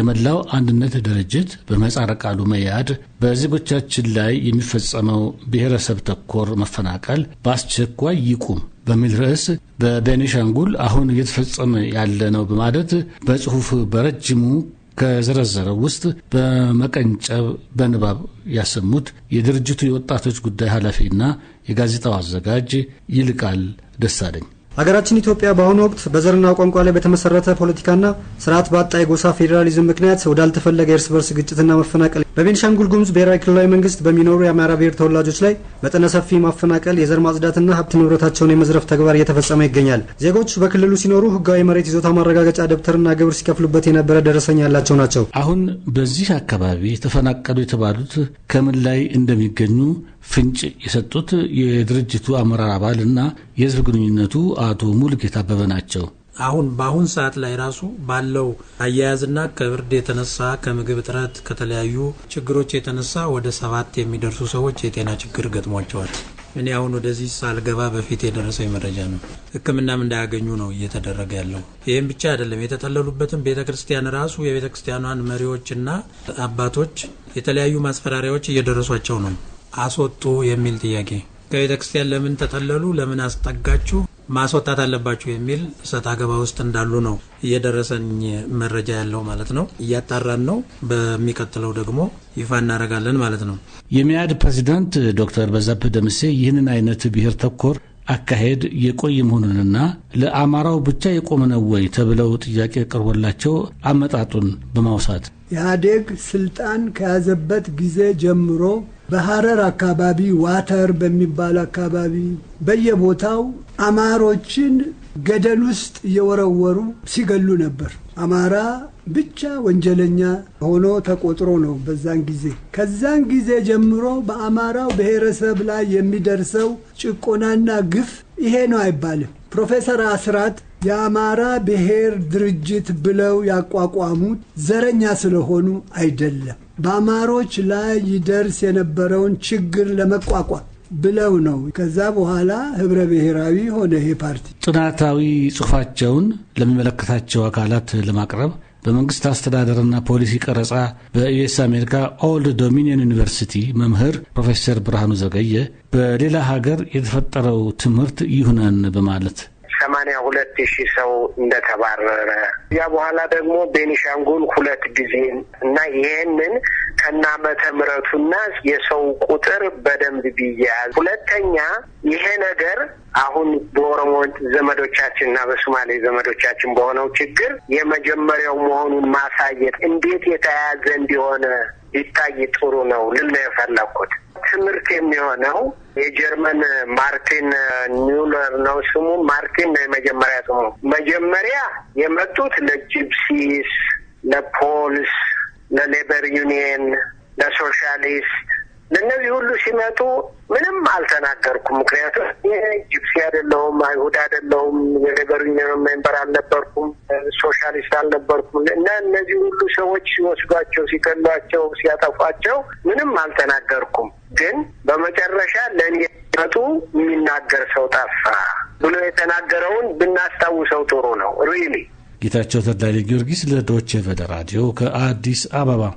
የመላው አንድነት ድርጅት በመጻረ ቃሉ መያድ በዜጎቻችን ላይ የሚፈጸመው ብሔረሰብ ተኮር መፈናቀል በአስቸኳይ ይቁም በሚል ርዕስ በቤኒሻንጉል አሁን እየተፈጸመ ያለ ነው በማለት በጽሑፍ በረጅሙ ከዘረዘረው ውስጥ በመቀንጨብ በንባብ ያሰሙት የድርጅቱ የወጣቶች ጉዳይ ኃላፊና የጋዜጣው አዘጋጅ ይልቃል ደሳለኝ ሀገራችን ኢትዮጵያ በአሁኑ ወቅት በዘርና ቋንቋ ላይ በተመሰረተ ፖለቲካና ስርዓት ባጣ የጎሳ ፌዴራሊዝም ምክንያት ወዳልተፈለገ የእርስ በርስ ግጭትና መፈናቀል በቤንሻንጉል ጉሙዝ ብሔራዊ ክልላዊ መንግስት በሚኖሩ የአማራ ብሔር ተወላጆች ላይ መጠነ ሰፊ ማፈናቀል፣ የዘር ማጽዳትና ሀብት ንብረታቸውን የመዝረፍ ተግባር እየተፈጸመ ይገኛል። ዜጎች በክልሉ ሲኖሩ ህጋዊ መሬት ይዞታ ማረጋገጫ ደብተርና ግብር ሲከፍሉበት የነበረ ደረሰኝ ያላቸው ናቸው። አሁን በዚህ አካባቢ የተፈናቀሉ የተባሉት ከምን ላይ እንደሚገኙ ፍንጭ የሰጡት የድርጅቱ አመራር አባል እና የህዝብ ግንኙነቱ አቶ ሙልጌታ አበበ ናቸው። አሁን በአሁን ሰዓት ላይ ራሱ ባለው አያያዝና ከብርድ የተነሳ ከምግብ እጥረት ከተለያዩ ችግሮች የተነሳ ወደ ሰባት የሚደርሱ ሰዎች የጤና ችግር ገጥሟቸዋል። እኔ አሁን ወደዚህ ሳልገባ በፊት የደረሰኝ መረጃ ነው። ሕክምናም እንዳያገኙ ነው እየተደረገ ያለው። ይህም ብቻ አይደለም። የተጠለሉበትም ቤተ ክርስቲያን ራሱ የቤተ ክርስቲያኗን መሪዎችና አባቶች የተለያዩ ማስፈራሪያዎች እየደረሷቸው ነው። አስወጡ የሚል ጥያቄ ከቤተ ክርስቲያን ለምን ተጠለሉ? ለምን አስጠጋችሁ? ማስወጣት አለባችሁ የሚል እሰጥ አገባ ውስጥ እንዳሉ ነው እየደረሰኝ መረጃ ያለው ማለት ነው። እያጣራን ነው። በሚቀጥለው ደግሞ ይፋ እናደርጋለን ማለት ነው። የሚያድ ፕሬዚዳንት ዶክተር በዛብህ ደምሴ ይህንን አይነት ብሔር ተኮር አካሄድ የቆየ መሆኑንና ለአማራው ብቻ የቆመ ነው ወይ ተብለው ጥያቄ ቀርቦላቸው አመጣጡን በማውሳት ኢህአዴግ ስልጣን ከያዘበት ጊዜ ጀምሮ በሐረር አካባቢ ዋተር በሚባል አካባቢ በየቦታው አማሮችን ገደል ውስጥ እየወረወሩ ሲገሉ ነበር። አማራ ብቻ ወንጀለኛ ሆኖ ተቆጥሮ ነው በዛን ጊዜ። ከዛን ጊዜ ጀምሮ በአማራው ብሔረሰብ ላይ የሚደርሰው ጭቆናና ግፍ ይሄ ነው አይባልም። ፕሮፌሰር አስራት የአማራ ብሔር ድርጅት ብለው ያቋቋሙት ዘረኛ ስለሆኑ አይደለም። በአማሮች ላይ ይደርስ የነበረውን ችግር ለመቋቋም ብለው ነው። ከዛ በኋላ ህብረ ብሔራዊ ሆነ ይሄ ፓርቲ። ጥናታዊ ጽሑፋቸውን ለሚመለከታቸው አካላት ለማቅረብ በመንግስት አስተዳደርና ፖሊሲ ቀረጻ በዩኤስ አሜሪካ ኦልድ ዶሚኒየን ዩኒቨርሲቲ መምህር ፕሮፌሰር ብርሃኑ ዘገየ በሌላ ሀገር የተፈጠረው ትምህርት ይሁነን በማለት ሰማንያ ሁለት ሺህ ሰው እንደተባረረ ያ በኋላ ደግሞ ቤኒሻንጉል ሁለት ጊዜ እና ይሄንን ከና ዓመተ ምረቱና የሰው ቁጥር በደንብ ቢያያዝ። ሁለተኛ ይሄ ነገር አሁን በኦሮሞ ዘመዶቻችን እና በሶማሌ ዘመዶቻችን በሆነው ችግር የመጀመሪያው መሆኑን ማሳየት እንዴት የተያያዘ እንዲሆነ ይታይ ጥሩ ነው ልል ነው የፈለግኩት። ትምህርት የሚሆነው የጀርመን ማርቲን ኒውለር ነው ስሙ። ማርቲን ነው የመጀመሪያ ስሙ። መጀመሪያ የመጡት ለጂፕሲስ፣ ለፖልስ፣ ለሌበር ዩኒየን፣ ለሶሻሊስት ለእነዚህ ሁሉ ሲመጡ ምንም አልተናገርኩም። ምክንያቱም ጂፕሲ አይደለሁም፣ አይሁድ አይደለሁም፣ የሌበር ዩኒየን ሜምበር አልነበርኩም፣ ሶሻሊስት አልነበርኩም እና እነዚህ ሁሉ ሰዎች ሲወስዷቸው፣ ሲገሏቸው፣ ሲያጠፏቸው ምንም አልተናገርኩም። ግን በመጨረሻ ለእኔነቱ የሚናገር ሰው ጠፋ ብሎ የተናገረውን ብናስታውሰው ጥሩ ነው። ሪሊ ጌታቸው ተድላ ጊዮርጊስ ለዶቼ ቬለ ራዲዮ ከአዲስ አበባ